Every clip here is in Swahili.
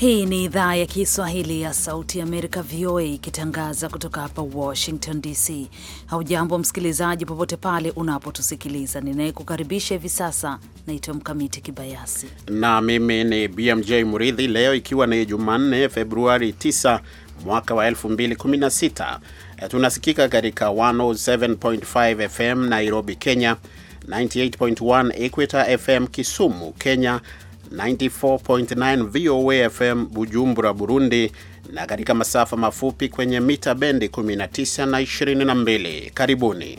Hii ni idhaa ya Kiswahili ya Sauti ya Amerika, VOA, ikitangaza kutoka hapa Washington DC. Haujambo msikilizaji, popote pale unapotusikiliza. Ninayekukaribisha hivi sasa naitwa Mkamiti Kibayasi na mimi ni BMJ Muridhi. Leo ikiwa ni Jumanne, Februari 9 mwaka wa 2016, e, tunasikika katika 107.5 FM Nairobi, Kenya, 98.1 Equator FM Kisumu, Kenya, 94.9 VOA FM Bujumbura, Burundi, na katika masafa mafupi kwenye mita bendi 19 na 22. Karibuni.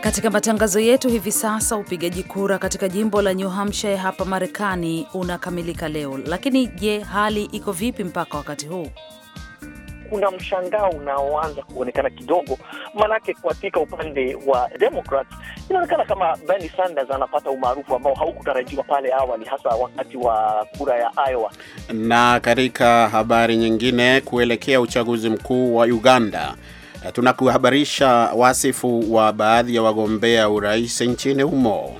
Katika matangazo yetu hivi sasa, upigaji kura katika jimbo la New Hampshire hapa Marekani unakamilika leo, lakini je, hali iko vipi mpaka wakati huu? kuna mshangao unaoanza kuonekana kidogo, maanake kuatika upande wa Democrats inaonekana kama Bernie Sanders anapata umaarufu ambao haukutarajiwa pale awali, hasa wakati wa kura ya Iowa. Na katika habari nyingine, kuelekea uchaguzi mkuu wa Uganda, tunakuhabarisha wasifu wa baadhi ya wagombea urais nchini humo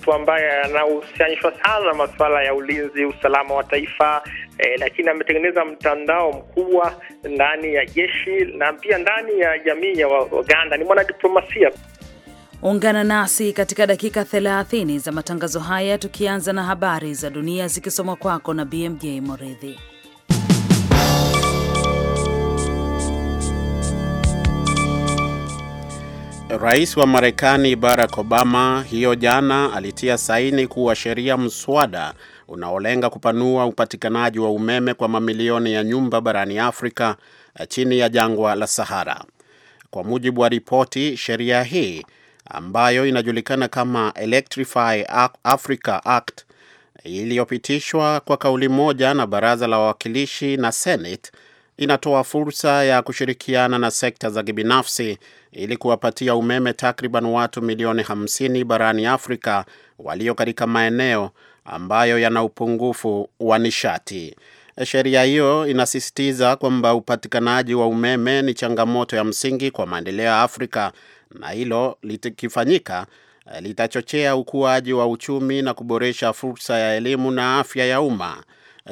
mtu ambaye anahusianishwa sana na masuala ya ulinzi, usalama wa taifa e, lakini ametengeneza mtandao mkubwa ndani ya jeshi na pia ndani ya jamii ya Waganda. Ni mwanadiplomasia. Ungana nasi katika dakika 30 za matangazo haya, tukianza na habari za dunia zikisomwa kwako na BMJ Moridhi. Rais wa Marekani Barack Obama hiyo jana alitia saini kuwa sheria mswada unaolenga kupanua upatikanaji wa umeme kwa mamilioni ya nyumba barani Afrika eh, chini ya jangwa la Sahara. Kwa mujibu wa ripoti, sheria hii ambayo inajulikana kama Electrify Africa Act iliyopitishwa kwa kauli moja na baraza la wawakilishi na Senate inatoa fursa ya kushirikiana na sekta za kibinafsi ili kuwapatia umeme takriban watu milioni 50 barani Afrika walio katika maeneo ambayo yana upungufu wa nishati. Sheria hiyo inasisitiza kwamba upatikanaji wa umeme ni changamoto ya msingi kwa maendeleo ya Afrika na hilo likifanyika eh, litachochea ukuaji wa uchumi na kuboresha fursa ya elimu na afya ya umma.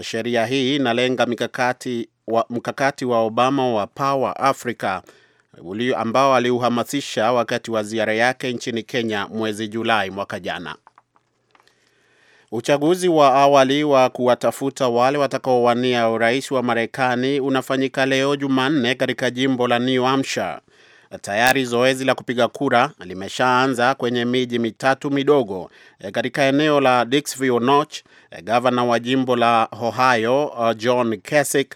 Sheria hii inalenga mkakati wa Obama wa Power Africa ambao aliuhamasisha wakati wa ziara yake nchini Kenya mwezi Julai mwaka jana. Uchaguzi wa awali wa kuwatafuta wale watakaowania urais wa Marekani unafanyika leo Jumanne katika jimbo la New Hampshire. Tayari zoezi la kupiga kura limeshaanza kwenye miji mitatu midogo e, katika eneo la Dixville Notch. E, gavana wa jimbo la Ohio e, John Kasich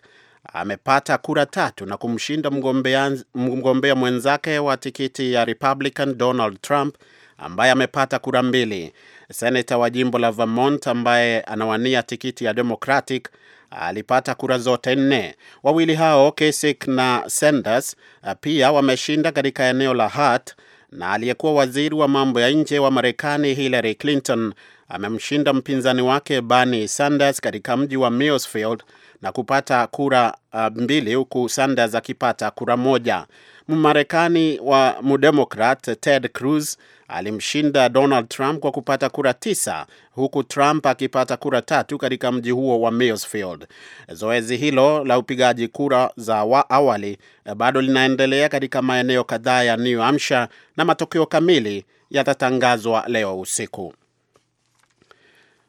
amepata kura tatu na kumshinda mgombea, mgombea mwenzake wa tikiti ya Republican Donald Trump ambaye amepata kura mbili. Senata wa jimbo la Vermont ambaye anawania tikiti ya Democratic alipata kura zote nne. Wawili hao Kasich na Sanders pia wameshinda katika eneo la Hart na aliyekuwa waziri wa mambo ya nje wa Marekani Hillary Clinton amemshinda mpinzani wake Bernie Sanders katika mji wa Millsfield na kupata kura uh, mbili huku Sanders akipata kura moja. Mmarekani wa mdemokrat Ted Cruz alimshinda Donald Trump kwa kupata kura tisa huku Trump akipata kura tatu katika mji huo wa Millsfield. Zoezi hilo la upigaji kura za wa awali uh, bado linaendelea katika maeneo kadhaa ya New Hampshire na matokeo kamili yatatangazwa leo usiku.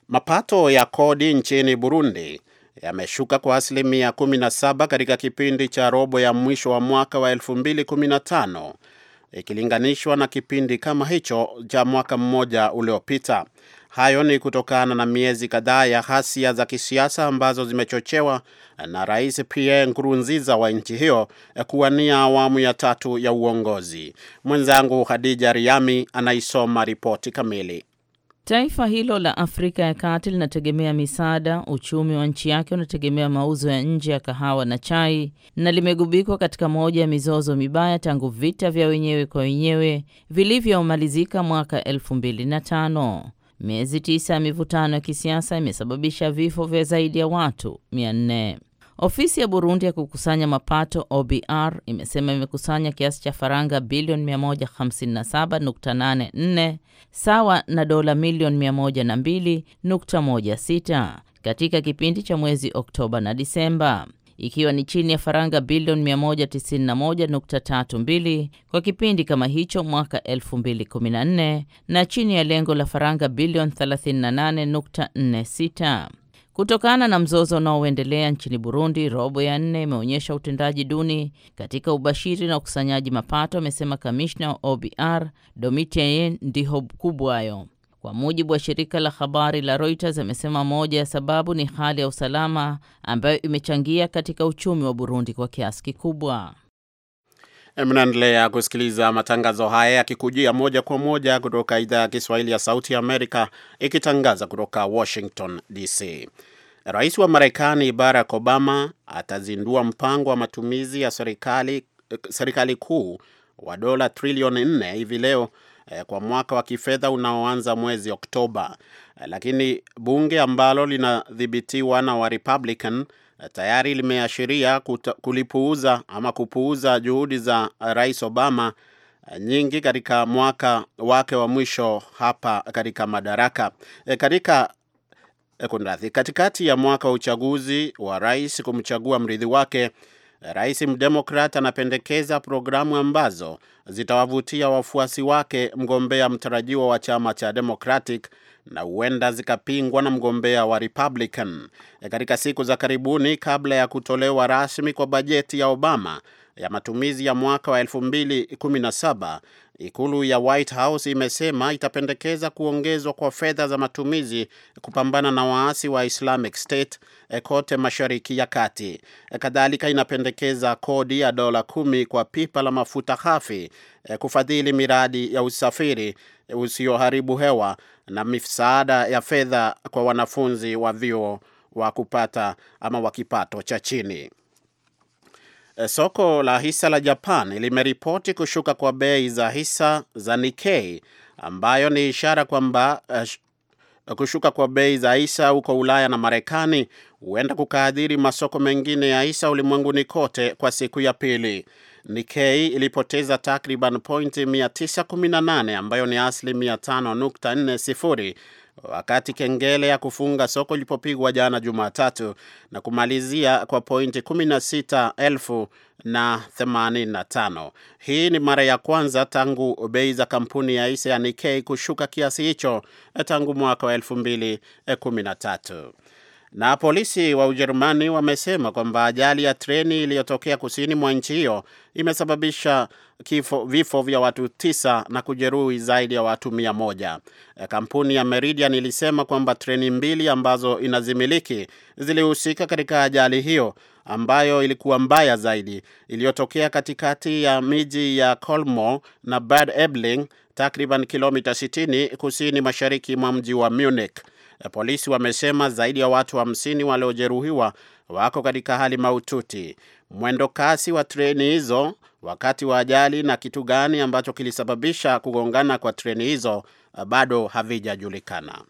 Mapato ya kodi nchini Burundi yameshuka kwa asilimia 17 katika kipindi cha robo ya mwisho wa mwaka wa 2015 ikilinganishwa na kipindi kama hicho cha mwaka mmoja uliopita. Hayo ni kutokana na miezi kadhaa ya ghasia za kisiasa ambazo zimechochewa na Rais Pierre Nkurunziza wa nchi hiyo kuwania awamu ya tatu ya uongozi. Mwenzangu Khadija Riami anaisoma ripoti kamili. Taifa hilo la Afrika ya Kati linategemea misaada. Uchumi wa nchi yake unategemea mauzo ya nje ya kahawa na chai, na limegubikwa katika moja ya mizozo mibaya tangu vita vya wenyewe kwa wenyewe vilivyomalizika mwaka tano. Miezi tisa ya mivutano ya kisiasa imesababisha vifo vya zaidi ya watu nne. Ofisi ya Burundi ya kukusanya mapato OBR imesema imekusanya kiasi cha faranga bilioni 157.84 sawa na dola milioni 102.16 katika kipindi cha mwezi Oktoba na Disemba, ikiwa ni chini ya faranga bilioni 191.32 kwa kipindi kama hicho mwaka 2014 na chini ya lengo la faranga bilioni 38.46. Kutokana na mzozo unaoendelea nchini Burundi, robo ya nne imeonyesha utendaji duni katika ubashiri na ukusanyaji mapato, amesema kamishna wa OBR Domitien Ndihokubwayo. Kwa mujibu wa shirika la habari la Reuters, amesema moja ya sababu ni hali ya usalama ambayo imechangia katika uchumi wa Burundi kwa kiasi kikubwa. Mnaendelea kusikiliza matangazo haya yakikujia moja kwa moja kutoka idhaa ya Kiswahili ya Sauti ya Amerika, ikitangaza kutoka Washington DC. Rais wa Marekani Barack Obama atazindua mpango wa matumizi ya serikali, serikali kuu wa dola trilioni nne hivi leo eh, kwa mwaka wa kifedha unaoanza mwezi Oktoba, lakini bunge ambalo linadhibitiwa na wa Republican Eh, tayari limeashiria kulipuuza ama kupuuza juhudi za eh, Rais Obama eh, nyingi katika mwaka wake wa mwisho hapa katika madaraka. E, katika kunradhi, katikati ya mwaka wa uchaguzi wa rais kumchagua mrithi wake, rais mdemokrat anapendekeza programu ambazo zitawavutia wafuasi wake mgombea mtarajiwa wa chama cha Democratic na huenda zikapingwa na mgombea wa Republican e, katika siku za karibuni kabla ya kutolewa rasmi kwa bajeti ya Obama ya matumizi ya mwaka wa 2017, ikulu ya White House imesema itapendekeza kuongezwa kwa fedha za matumizi kupambana na waasi wa Islamic State eh, kote Mashariki ya Kati. Eh, kadhalika inapendekeza kodi ya dola kumi kwa pipa la mafuta ghafi eh, kufadhili miradi ya usafiri usioharibu hewa na misaada ya fedha kwa wanafunzi wa vyuo wa kupata ama wa kipato cha chini. Eh, soko la hisa la Japan limeripoti kushuka kwa bei za hisa za Nikkei ambayo ni ishara kwamba uh, kushuka kwa bei za hisa huko Ulaya na Marekani huenda kukaadhiri masoko mengine ya hisa ulimwenguni kote kwa siku ya pili. Nikkei ilipoteza takriban pointi 918 ambayo ni asilimia 5.40 wakati kengele ya kufunga soko ilipopigwa jana Jumatatu na kumalizia kwa pointi 16,085. Hii ni mara ya kwanza tangu bei za kampuni ya hisa ya Nikkei kushuka kiasi hicho tangu mwaka wa 2013. Na polisi wa Ujerumani wamesema kwamba ajali ya treni iliyotokea kusini mwa nchi hiyo imesababisha kifo, vifo vya watu tisa na kujeruhi zaidi ya watu mia moja. E, kampuni ya Meridian ilisema kwamba treni mbili ambazo inazimiliki zilihusika katika ajali hiyo ambayo ilikuwa mbaya zaidi iliyotokea katikati ya miji ya Colmo na Bad Ebling takriban kilomita 60 kusini mashariki mwa mji wa Munich. Polisi wamesema zaidi ya watu hamsini wa waliojeruhiwa wako katika hali mahututi. Mwendo kasi wa treni hizo wakati wa ajali na kitu gani ambacho kilisababisha kugongana kwa treni hizo bado havijajulikana.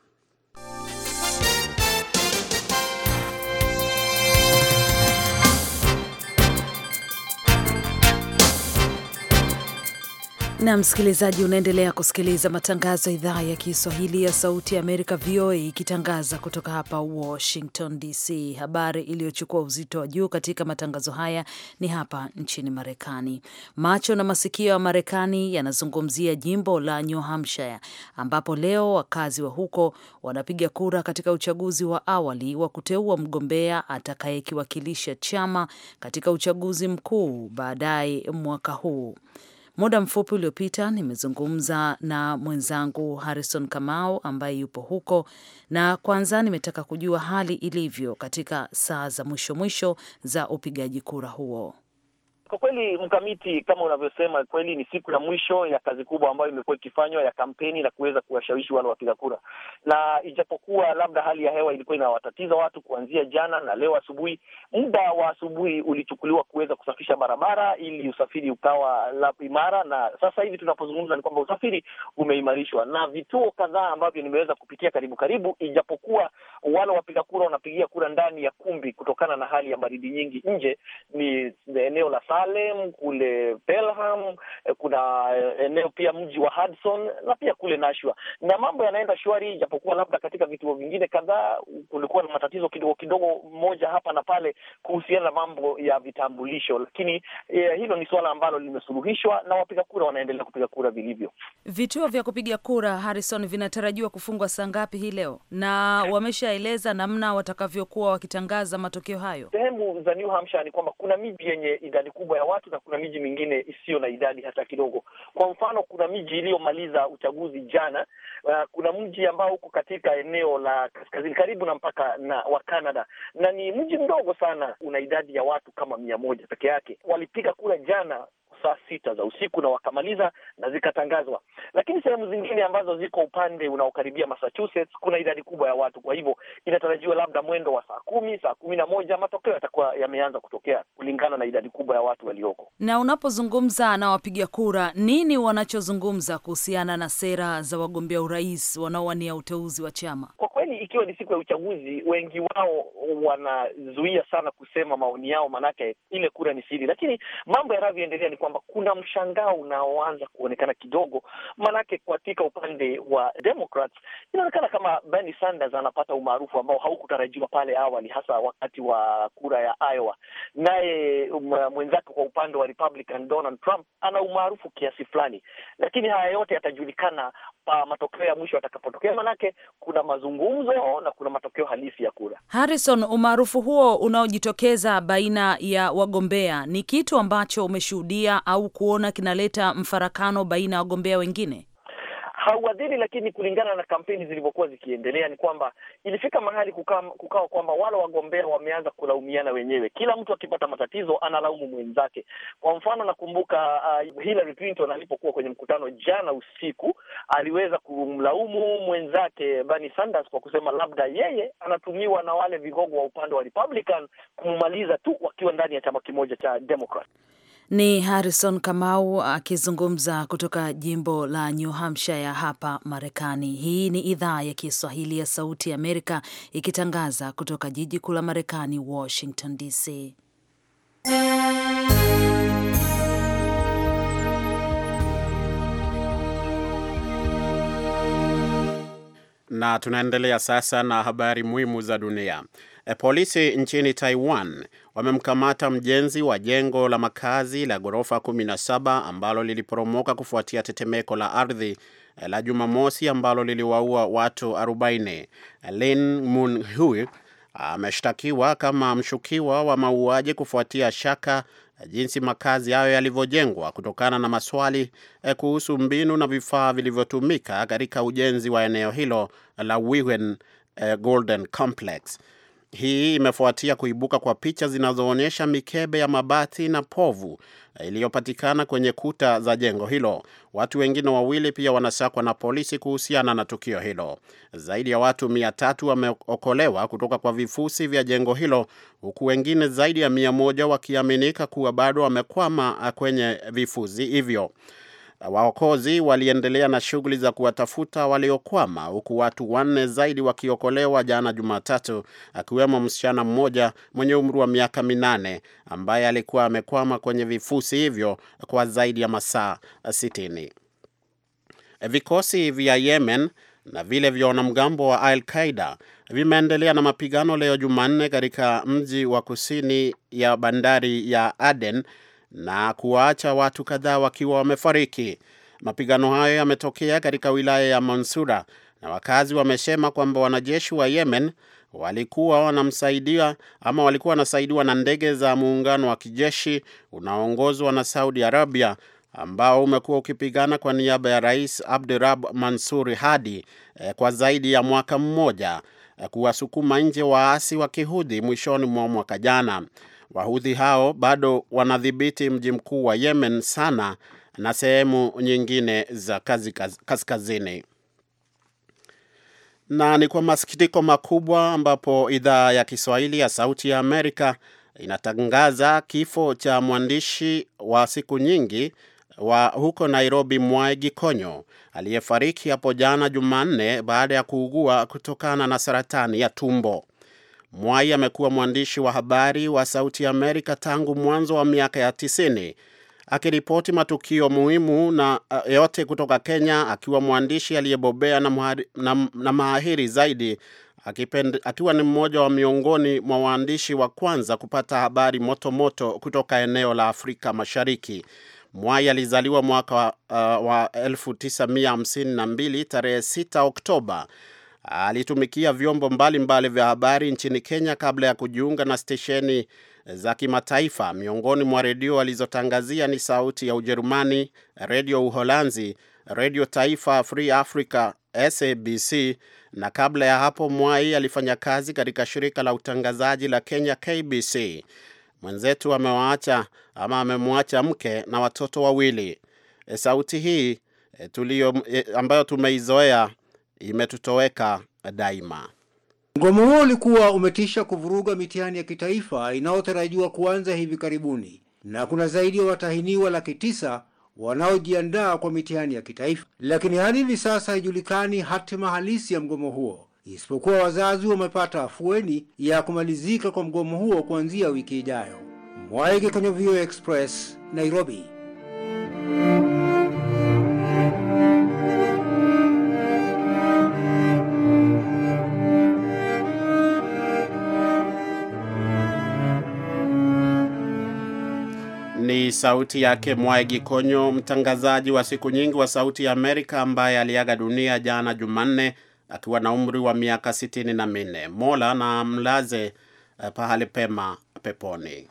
na msikilizaji, unaendelea kusikiliza matangazo ya idhaa ya Kiswahili ya Sauti ya Amerika, VOA, ikitangaza kutoka hapa Washington DC. Habari iliyochukua uzito wa juu katika matangazo haya ni hapa nchini Marekani. Macho na masikio ya Marekani yanazungumzia jimbo la New Hampshire, ambapo leo wakazi wa huko wanapiga kura katika uchaguzi wa awali wa kuteua mgombea atakayekiwakilisha chama katika uchaguzi mkuu baadaye mwaka huu. Muda mfupi uliopita nimezungumza na mwenzangu Harrison Kamau ambaye yupo huko, na kwanza nimetaka kujua hali ilivyo katika saa za mwisho mwisho za upigaji kura huo. Kwa kweli mkamiti, kama unavyosema, kweli ni siku ya mwisho ya kazi kubwa ambayo imekuwa ikifanywa ya kampeni na kuweza kuwashawishi wale wapiga kura, na ijapokuwa labda hali ya hewa ilikuwa inawatatiza watu kuanzia jana na leo asubuhi, muda wa asubuhi ulichukuliwa kuweza kusafisha barabara ili usafiri ukawa la imara, na sasa hivi tunapozungumza ni kwamba usafiri umeimarishwa na vituo kadhaa ambavyo nimeweza kupitia karibu karibu, ijapokuwa wale wapiga kura wanapigia kura ndani ya kumbi kutokana na hali ya baridi nyingi nje, ni eneo la saa Salem, kule Pelham, kuna eh, eneo pia mji wa Hudson na pia kule Nashua, na mambo yanaenda shwari, japokuwa labda katika vituo vingine kadhaa kulikuwa na matatizo kidogo kidogo moja hapa na pale kuhusiana na mambo ya vitambulisho, lakini eh, hilo ni suala ambalo limesuluhishwa na wapiga kura wanaendelea kupiga kura vilivyo. Vituo vya kupiga kura Harrison, vinatarajiwa kufungwa saa ngapi hii leo, na wameshaeleza namna watakavyokuwa wakitangaza matokeo hayo. Sehemu za New Hampshire ni kwamba kuna miji yenye idadi kubwa kubwa ya watu na kuna miji mingine isiyo na idadi hata kidogo. Kwa mfano, kuna miji iliyomaliza uchaguzi jana. Uh, kuna mji ambao uko katika eneo la kaskazini karibu na mpaka na wa Canada, na ni mji mdogo sana, una idadi ya watu kama mia moja peke yake. Walipiga kura jana saa sita za usiku na wakamaliza na zikatangazwa. Lakini sehemu zingine ambazo ziko upande unaokaribia Massachusetts kuna idadi kubwa ya watu, kwa hivyo inatarajiwa labda mwendo wa saa kumi, saa kumi na moja matokeo yatakuwa yameanza kutokea kulingana na idadi kubwa ya watu walioko. Na unapozungumza na wapiga kura, nini wanachozungumza kuhusiana na sera za wagombea urais wanaowania uteuzi wa chama? Kwa kweli, ikiwa ni siku ya uchaguzi, wengi wao wanazuia sana kusema maoni yao, maanake ile kura ni siri, lakini mambo yanavyoendelea ni kwamba kwamba kuna mshangao unaoanza kuonekana kidogo, maanake katika upande wa Democrats inaonekana kama Bernie Sanders anapata umaarufu ambao haukutarajiwa pale awali, hasa wakati wa kura ya Iowa. Naye um, mwenzake kwa upande wa Republican Donald Trump ana umaarufu kiasi fulani, lakini haya yote yatajulikana pa uh, matokeo ya mwisho yatakapotokea, maanake kuna mazungumzo na kuna matokeo halisi ya kura. Harrison, umaarufu huo unaojitokeza baina ya wagombea ni kitu ambacho umeshuhudia au kuona kinaleta mfarakano baina ya wagombea wengine? Hauadhiri, lakini kulingana na kampeni zilivyokuwa zikiendelea ni kwamba ilifika mahali kukawa kukawa kwamba wale wagombea wameanza kulaumiana wenyewe, kila mtu akipata matatizo analaumu mwenzake. Kwa mfano, nakumbuka uh, Hillary Clinton alipokuwa kwenye mkutano jana usiku aliweza kumlaumu mwenzake Bernie Sanders kwa kusema labda yeye anatumiwa na wale vigogo wa upande wa Republican kumumaliza tu wakiwa ndani ya chama kimoja cha Democrat. Ni Harrison Kamau akizungumza kutoka jimbo la New Hampshire hapa Marekani. Hii ni idhaa ya Kiswahili ya Sauti ya Amerika ikitangaza kutoka jiji kuu la Marekani, Washington DC. Na tunaendelea sasa na habari muhimu za dunia. E, polisi nchini Taiwan wamemkamata mjenzi wa jengo la makazi la ghorofa 17 ambalo liliporomoka kufuatia tetemeko la ardhi eh, la Jumamosi ambalo liliwaua watu 40. Eh, Lin Mun Hui ameshtakiwa kama mshukiwa wa mauaji kufuatia shaka jinsi makazi hayo yalivyojengwa kutokana na maswali kuhusu mbinu na vifaa vilivyotumika katika ujenzi wa eneo hilo la Wiwen Golden Complex. Hii imefuatia kuibuka kwa picha zinazoonyesha mikebe ya mabati na povu eh, iliyopatikana kwenye kuta za jengo hilo. Watu wengine wawili pia wanasakwa na polisi kuhusiana na tukio hilo. Zaidi ya watu mia tatu wameokolewa kutoka kwa vifusi vya jengo hilo, huku wengine zaidi ya mia moja wakiaminika kuwa bado wamekwama eh, kwenye vifusi hivyo. Waokozi waliendelea na shughuli za kuwatafuta waliokwama huku watu wanne zaidi wakiokolewa jana Jumatatu, akiwemo msichana mmoja mwenye umri wa miaka minane ambaye alikuwa amekwama kwenye vifusi hivyo kwa zaidi ya masaa sitini. Vikosi vya Yemen na vile vya wanamgambo wa Al Qaida vimeendelea na mapigano leo Jumanne katika mji wa kusini ya bandari ya Aden na kuwaacha watu kadhaa wakiwa wamefariki. Mapigano hayo yametokea katika wilaya ya Mansura na wakazi wamesema kwamba wanajeshi wa Yemen walikuwa wanamsaidia ama walikuwa wanasaidiwa na ndege za muungano wa kijeshi unaoongozwa na Saudi Arabia ambao umekuwa ukipigana kwa niaba ya Rais abdurab mansur Hadi eh, kwa zaidi ya mwaka mmoja eh, kuwasukuma nje waasi wa Kihudhi mwishoni mwa mwaka jana. Wahudhi hao bado wanadhibiti mji mkuu wa Yemen, Sana, na sehemu nyingine za kaskazini. Na ni kwa masikitiko makubwa ambapo idhaa ya Kiswahili ya Sauti ya Amerika inatangaza kifo cha mwandishi wa siku nyingi wa huko Nairobi, Mwai Gikonyo aliyefariki hapo jana Jumanne baada ya kuugua kutokana na saratani ya tumbo. Mwai amekuwa mwandishi wa habari wa Sauti ya Amerika tangu mwanzo wa miaka ya tisini akiripoti matukio muhimu na uh, yote kutoka Kenya, akiwa mwandishi aliyebobea na, na, na maahiri zaidi akipende, akiwa ni mmoja wa miongoni mwa waandishi wa kwanza kupata habari motomoto moto kutoka eneo la Afrika Mashariki. Mwai alizaliwa mwaka uh, wa 1952 uh, tarehe 6 Oktoba alitumikia vyombo mbalimbali mbali vya habari nchini Kenya kabla ya kujiunga na stesheni za kimataifa. Miongoni mwa redio alizotangazia ni Sauti ya Ujerumani, Redio Uholanzi, Redio Taifa Free Africa SABC, na kabla ya hapo Mwai alifanya kazi katika shirika la utangazaji la Kenya KBC. Mwenzetu amewaacha ama amemwacha mke na watoto wawili. E, sauti hii e, tulio, e, ambayo tumeizoea imetutoweka daima. Mgomo huo ulikuwa umetisha kuvuruga mitihani ya kitaifa inayotarajiwa kuanza hivi karibuni, na kuna zaidi ya watahiniwa laki tisa wanaojiandaa kwa mitihani ya kitaifa, lakini hadi hivi sasa haijulikani hatima halisi ya mgomo huo, isipokuwa wazazi wamepata afueni ya kumalizika kwa mgomo huo kuanzia wiki ijayo. Mwaige kwenye VOA Express, Nairobi. sauti yake Mwaigi Konyo, mtangazaji wa siku nyingi wa Sauti ya Amerika ambaye aliaga dunia jana Jumanne akiwa na umri wa miaka sitini na minne. Mola na mlaze eh, pahali pema peponi.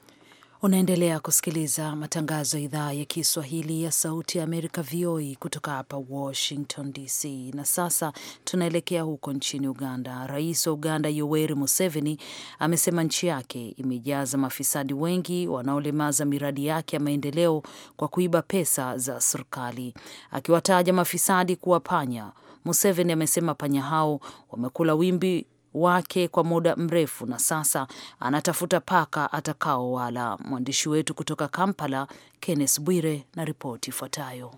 Unaendelea kusikiliza matangazo ya idhaa ya Kiswahili ya Sauti ya Amerika, VOA, e, kutoka hapa Washington DC. Na sasa tunaelekea huko nchini Uganda. Rais wa Uganda Yoweri Museveni amesema nchi yake imejaza mafisadi wengi wanaolemaza miradi yake ya maendeleo kwa kuiba pesa za serikali, akiwataja mafisadi kuwa panya. Museveni amesema panya hao wamekula wimbi wake kwa muda mrefu na sasa anatafuta paka atakaowala. Mwandishi wetu kutoka Kampala, Kenneth Bwire, na ripoti ifuatayo.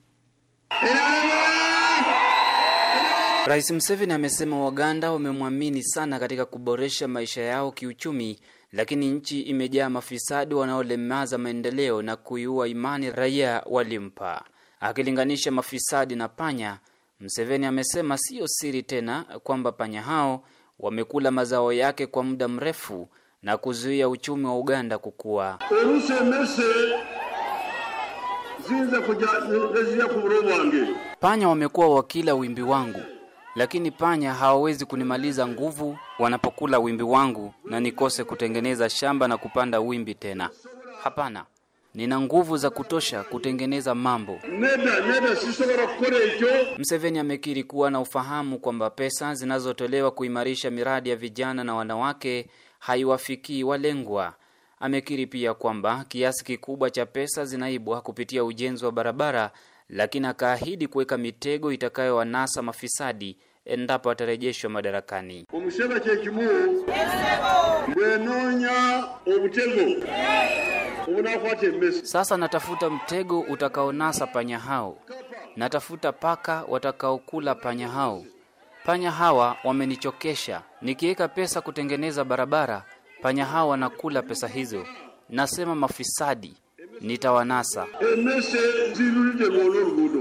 Rais Museveni amesema Waganda wamemwamini sana katika kuboresha maisha yao kiuchumi, lakini nchi imejaa mafisadi wanaolemaza maendeleo na kuiua imani raia walimpa. Akilinganisha mafisadi na panya, Museveni amesema siyo siri tena kwamba panya hao wamekula mazao yake kwa muda mrefu na kuzuia uchumi wa Uganda kukua. Panya wamekuwa wakila wimbi wangu, lakini panya hawawezi kunimaliza nguvu wanapokula wimbi wangu na nikose kutengeneza shamba na kupanda wimbi tena. Hapana nina nguvu za kutosha kutengeneza mambo. Mseveni amekiri kuwa na ufahamu kwamba pesa zinazotolewa kuimarisha miradi ya vijana na wanawake haiwafikii walengwa. Amekiri pia kwamba kiasi kikubwa cha pesa zinaibwa kupitia ujenzi wa barabara, lakini akaahidi kuweka mitego itakayowanasa mafisadi endapo atarejeshwa madarakani. Umuseba chekimu bwenonya sasa natafuta mtego utakaonasa panya hao, natafuta paka watakaokula panya hao. Panya hawa wamenichokesha. Nikiweka pesa kutengeneza barabara, panya hao wanakula pesa hizo. Nasema mafisadi, nitawanasa.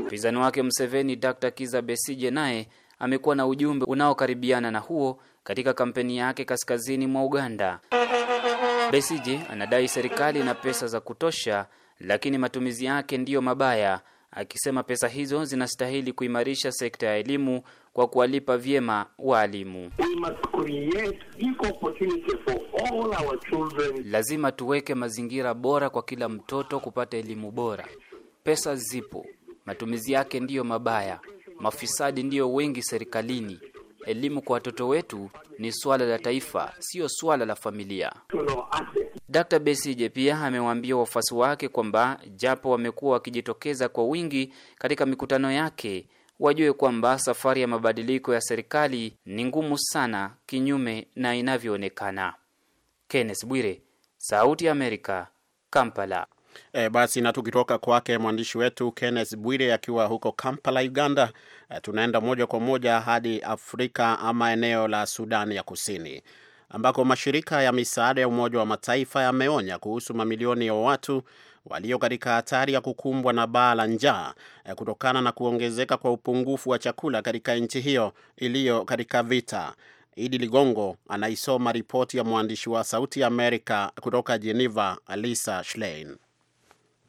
Mpinzani wake Mseveni, Dr Kiza Besije, naye amekuwa na ujumbe unaokaribiana na huo katika kampeni yake kaskazini mwa Uganda. Besije anadai serikali ina pesa za kutosha, lakini matumizi yake ndiyo mabaya, akisema pesa hizo zinastahili kuimarisha sekta ya elimu kwa kuwalipa vyema waalimu. Lazima tuweke mazingira bora kwa kila mtoto kupata elimu bora. Pesa zipo, matumizi yake ndiyo mabaya. Mafisadi ndiyo wengi serikalini. Elimu kwa watoto wetu ni swala la taifa, siyo swala la familia. Dr. besije pia amewaambia wafuasi wake kwamba japo wamekuwa wakijitokeza kwa wingi katika mikutano yake, wajue kwamba safari ya mabadiliko ya serikali ni ngumu sana, kinyume na inavyoonekana. Kenneth Bwire, Sauti ya Amerika, Kampala. E, basi na tukitoka kwake mwandishi wetu Kenneth Bwire akiwa huko Kampala, Uganda, e, tunaenda moja kwa moja hadi Afrika ama eneo la Sudan ya Kusini ambako mashirika ya misaada ya Umoja wa Mataifa yameonya kuhusu mamilioni ya watu walio katika hatari ya kukumbwa na baa la njaa e, kutokana na kuongezeka kwa upungufu wa chakula katika nchi hiyo iliyo katika vita. Idi Ligongo anaisoma ripoti ya mwandishi wa Sauti ya Amerika kutoka Geneva, Lisa Schlein.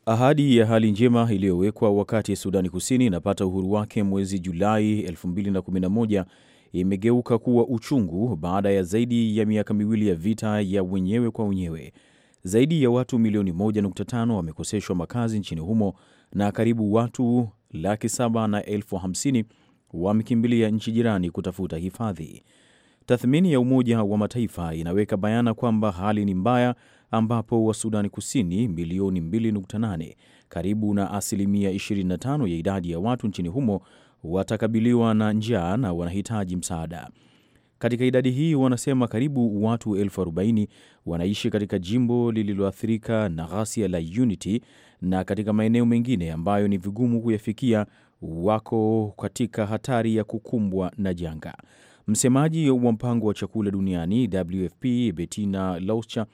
Ahadi ya hali njema iliyowekwa wakati Sudani Kusini inapata uhuru wake mwezi Julai 2011 imegeuka kuwa uchungu baada ya zaidi ya miaka miwili ya vita ya wenyewe kwa wenyewe. Zaidi ya watu milioni 1.5 wamekoseshwa makazi nchini humo na karibu watu laki saba na elfu hamsini wamekimbilia nchi jirani kutafuta hifadhi. Tathmini ya Umoja wa Mataifa inaweka bayana kwamba hali ni mbaya, ambapo Wasudani Kusini milioni 2.8, karibu na asilimia 25 ya idadi ya watu nchini humo, watakabiliwa na njaa na wanahitaji msaada. Katika idadi hii wanasema karibu watu elfu arobaini wanaishi katika jimbo lililoathirika na ghasia la Unity na katika maeneo mengine ambayo ni vigumu kuyafikia, wako katika hatari ya kukumbwa na janga. Msemaji wa mpango wa chakula duniani WFP Bettina Loucha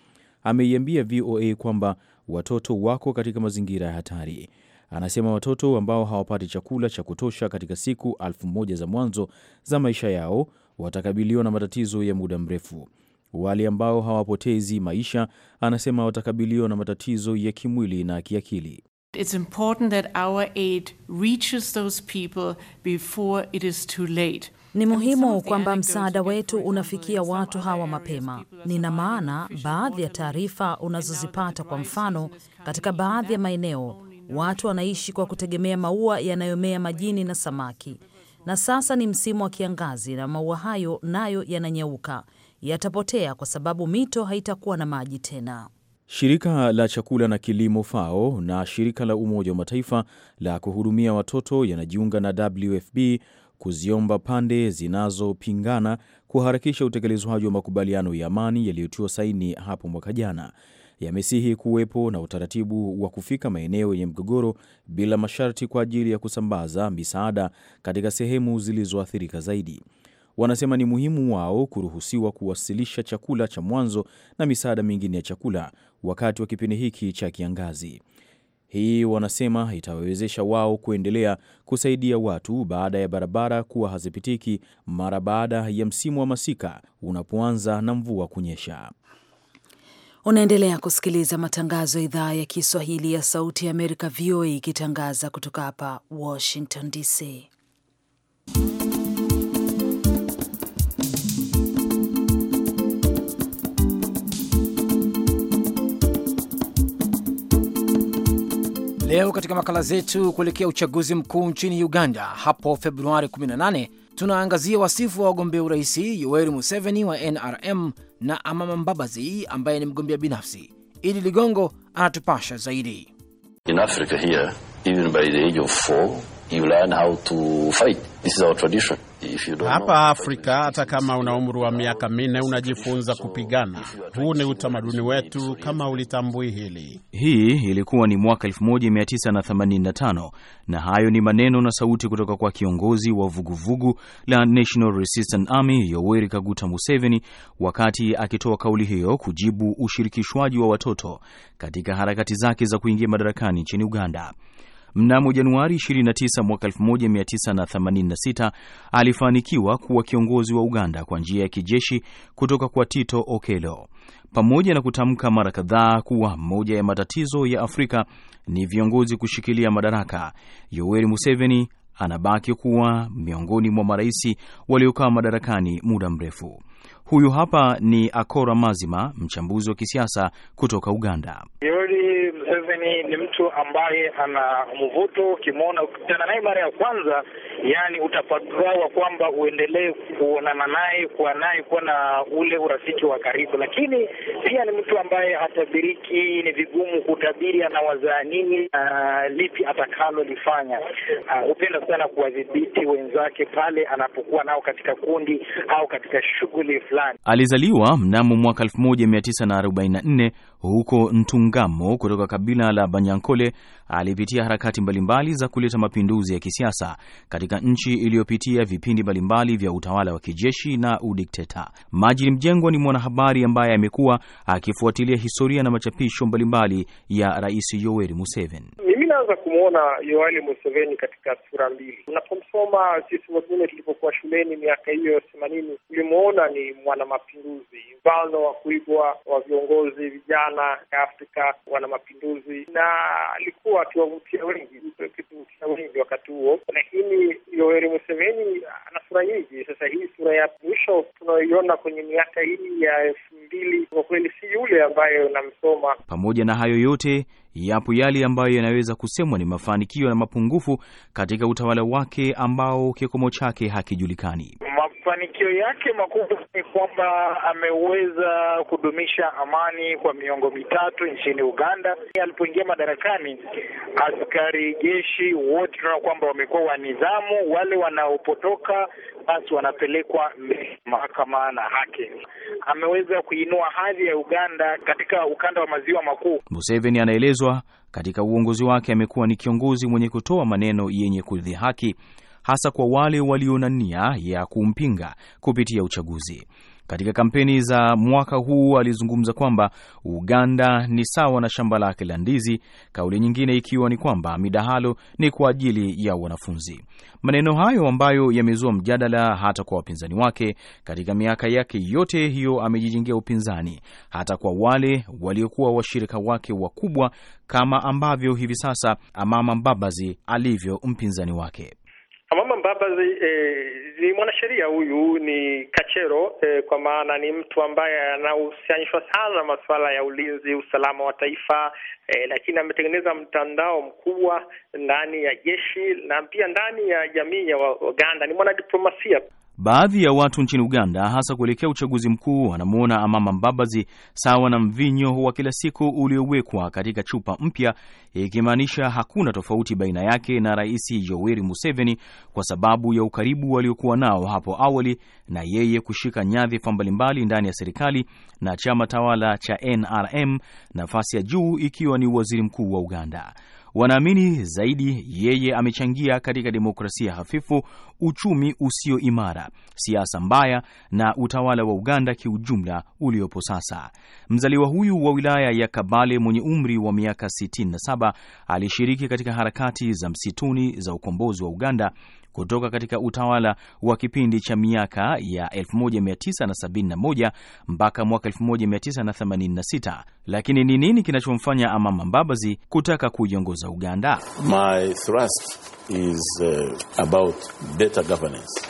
ameiambia VOA kwamba watoto wako katika mazingira ya hatari. Anasema watoto ambao hawapati chakula cha kutosha katika siku elfu moja za mwanzo za maisha yao watakabiliwa na matatizo ya muda mrefu. Wale ambao hawapotezi maisha, anasema watakabiliwa na matatizo ya kimwili na kiakili. It's important that our aid reaches those people before it is too late. Ni muhimu kwamba msaada wetu unafikia watu hawa mapema. Nina maana baadhi ya taarifa unazozipata, kwa mfano, katika baadhi ya maeneo watu wanaishi kwa kutegemea maua yanayomea majini na samaki, na sasa ni msimu wa kiangazi na maua hayo nayo yananyauka, yatapotea kwa sababu mito haitakuwa na maji tena. Shirika la chakula na kilimo FAO na shirika la Umoja wa Mataifa la kuhudumia watoto yanajiunga na WFP kuziomba pande zinazopingana kuharakisha utekelezwaji wa makubaliano ya amani yaliyotiwa saini hapo mwaka jana. Yamesihi kuwepo na utaratibu wa kufika maeneo yenye mgogoro bila masharti kwa ajili ya kusambaza misaada katika sehemu zilizoathirika zaidi. Wanasema ni muhimu wao kuruhusiwa kuwasilisha chakula cha mwanzo na misaada mingine ya chakula wakati wa kipindi hiki cha kiangazi. Hii wanasema itawawezesha wao kuendelea kusaidia watu baada ya barabara kuwa hazipitiki mara baada ya msimu wa masika unapoanza na mvua kunyesha. Unaendelea kusikiliza matangazo ya idhaa ya Kiswahili ya Sauti ya Amerika, VOA, ikitangaza kutoka hapa Washington DC. Leo katika makala zetu kuelekea uchaguzi mkuu nchini Uganda hapo Februari 18 tunaangazia wasifu wa wagombea urais Yoweri Museveni wa NRM na Amama Mbabazi ambaye ni mgombea binafsi. Idi Ligongo anatupasha zaidi. In Africa here, even by the age of four, you learn how to fight. This is our tradition. Hapa Afrika, hata kama una umri wa miaka minne unajifunza kupigana. Huu ni utamaduni wetu, kama ulitambui hili. Hii ilikuwa ni mwaka 1985 na hayo ni maneno na sauti kutoka kwa kiongozi wa vuguvugu vugu la National Resistance Army Yoweri Kaguta Museveni wakati akitoa kauli hiyo kujibu ushirikishwaji wa watoto katika harakati zake za kuingia madarakani nchini Uganda. Mnamo Januari 29 mwaka 1986 alifanikiwa kuwa kiongozi wa Uganda kwa njia ya kijeshi kutoka kwa Tito Okello, pamoja na kutamka mara kadhaa kuwa moja ya matatizo ya Afrika ni viongozi kushikilia madaraka. Yoweri Museveni anabaki kuwa miongoni mwa maraisi waliokaa madarakani muda mrefu. Huyu hapa ni Akora Mazima, mchambuzi wa kisiasa kutoka Uganda. Yoweri Museveni ni mtu ambaye ana mvuto, ukimwona, ukikutana naye mara ya kwanza, yani utapatawa kwamba uendelee kuonana naye, kuwa naye, kuwa na ule urafiki wa karibu, lakini pia ni mtu ambaye hatabiriki, ni vigumu kutabiri anawazaa nini, uh, lipi atakalolifanya. Ah, hupenda uh, sana kuwadhibiti wenzake pale anapokuwa nao katika kundi au katika shughuli fulani fulani. Alizaliwa mnamo mwaka 1944 huko Ntungamo kutoka kabila la Banyankole. Alipitia harakati mbalimbali za kuleta mapinduzi ya kisiasa katika nchi iliyopitia vipindi mbalimbali vya utawala wa kijeshi na udikteta. Majid Mjengwa ni mwanahabari ambaye amekuwa akifuatilia historia na machapisho mbalimbali ya Rais Yoweri Museveni nilianza kumwona Yoweri Museveni katika sura mbili. Unapomsoma sisi wengine tulipokuwa shuleni miaka hiyo themanini, tulimwona ni mwanamapinduzi, mfano wa kuigwa wa viongozi vijana Afrika, wanamapinduzi, na alikuwa akiwavutia wengi, akivutia wengi wakati huo. Lakini Yoweri Museveni ana sura nyingi. Sasa hii sura ya mwisho tunayoiona kwenye miaka hii ya elfu mbili, kwa kweli si yule ambaye unamsoma. Pamoja na hayo yote yapo yale ambayo yanaweza kusemwa ni mafanikio na mapungufu katika utawala wake ambao kikomo chake hakijulikani. Mafanikio yake makubwa ni kwamba ameweza kudumisha amani kwa miongo mitatu nchini Uganda. Alipoingia madarakani, askari jeshi wote tunaona kwamba wamekuwa wa nidhamu, wale wanaopotoka basi wanapelekwa mahakama na haki. Ameweza kuinua hadhi ya Uganda katika ukanda wa maziwa makuu. Museveni anaelezwa katika uongozi wake amekuwa ni kiongozi mwenye kutoa maneno yenye kudhihaki hasa kwa wale walio na nia ya kumpinga kupitia uchaguzi. Katika kampeni za mwaka huu alizungumza kwamba Uganda ni sawa na shamba lake la ndizi, kauli nyingine ikiwa ni kwamba midahalo ni kwa ajili ya wanafunzi. Maneno hayo ambayo yamezua mjadala hata kwa wapinzani wake. Katika miaka yake yote hiyo amejijengea upinzani, hata kwa wale waliokuwa washirika wake wakubwa, kama ambavyo hivi sasa Amama Mbabazi alivyo mpinzani wake. Amama Mbabazi eh, ni mwanasheria huyu, ni kachero eh, kwa maana ni mtu ambaye anahusianishwa sana na masuala ya ulinzi, usalama wa taifa eh, lakini ametengeneza mtandao mkubwa ndani ya jeshi na pia ndani ya jamii ya Waganda. Ni mwanadiplomasia. Baadhi ya watu nchini Uganda, hasa kuelekea uchaguzi mkuu, wanamwona Amama Mbabazi sawa na mvinyo wa kila siku uliowekwa katika chupa mpya, ikimaanisha hakuna tofauti baina yake na Rais Yoweri Museveni kwa sababu ya ukaribu waliokuwa nao hapo awali na yeye kushika nyadhifa mbalimbali ndani ya serikali na chama tawala cha NRM, nafasi ya juu ikiwa ni waziri mkuu wa Uganda. Wanaamini zaidi yeye amechangia katika demokrasia hafifu, uchumi usio imara, siasa mbaya na utawala wa Uganda kiujumla uliopo sasa. Mzaliwa huyu wa wilaya ya Kabale mwenye umri wa miaka 67 alishiriki katika harakati za msituni za ukombozi wa Uganda kutoka katika utawala wa kipindi cha miaka ya 1971 mpaka mwaka 1986. Lakini ni nini kinachomfanya Amama Mbabazi kutaka kuiongoza Uganda? My thrust is uh, about better governance.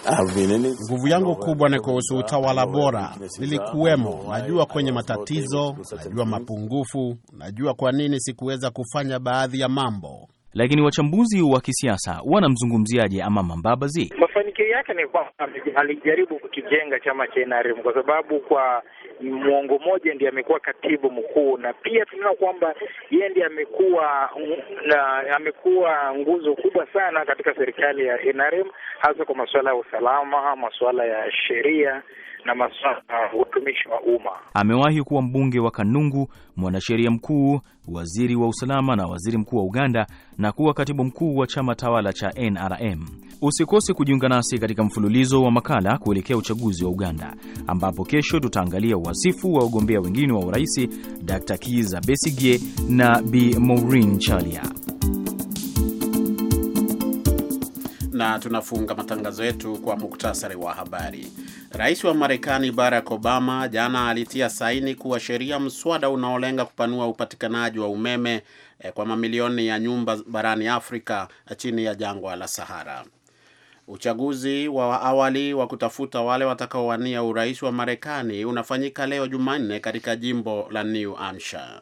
Nguvu yangu kubwa ni kuhusu utawala bora. Nilikuwemo, najua kwenye matatizo, najua mapungufu, najua kwa nini sikuweza kufanya baadhi ya mambo lakini wachambuzi wa kisiasa wanamzungumziaje Amama Mbabazi? Mafanikio yake ni kwamba alijaribu kukijenga chama cha NRM kwa sababu kwa mwongo mmoja ndiye amekuwa katibu mkuu, na pia tunaona kwamba yeye ndiye amekuwa na amekuwa nguzo kubwa sana katika serikali ya NRM, hasa kwa masuala ya usalama, masuala ya sheria na masuala ya utumishi wa umma. Amewahi kuwa mbunge wa Kanungu, mwanasheria mkuu, waziri wa usalama na waziri mkuu wa Uganda, na kuwa katibu mkuu wa chama tawala cha NRM. Usikose kujiunga nasi katika mfululizo wa makala kuelekea uchaguzi wa Uganda, ambapo kesho tutaangalia wasifu wa wagombea wengine wa urais, Dr Kiza Besigye na Bi Maureen Chalia. Na tunafunga matangazo yetu kwa muktasari wa habari. Rais wa Marekani Barack Obama jana alitia saini kuwa sheria mswada unaolenga kupanua upatikanaji wa umeme e, kwa mamilioni ya nyumba barani Afrika e, chini ya jangwa la Sahara. Uchaguzi wa awali wa kutafuta wale watakaowania urais wa Marekani unafanyika leo Jumanne katika jimbo la New Hampshire.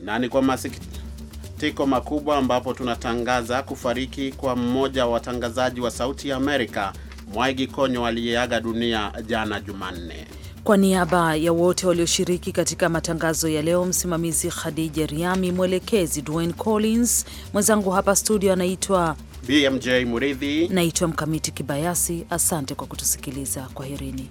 Na ni kwa masikitiko makubwa ambapo tunatangaza kufariki kwa mmoja wa watangazaji wa Sauti ya Amerika Mwaigi Konyo aliyeaga dunia jana Jumanne. Kwa niaba ya wote walioshiriki katika matangazo ya leo, msimamizi Khadija Riami, mwelekezi Dwayne Collins, mwenzangu hapa studio anaitwa BMJ Muridhi, naitwa Mkamiti Kibayasi. Asante kwa kutusikiliza, kwaherini.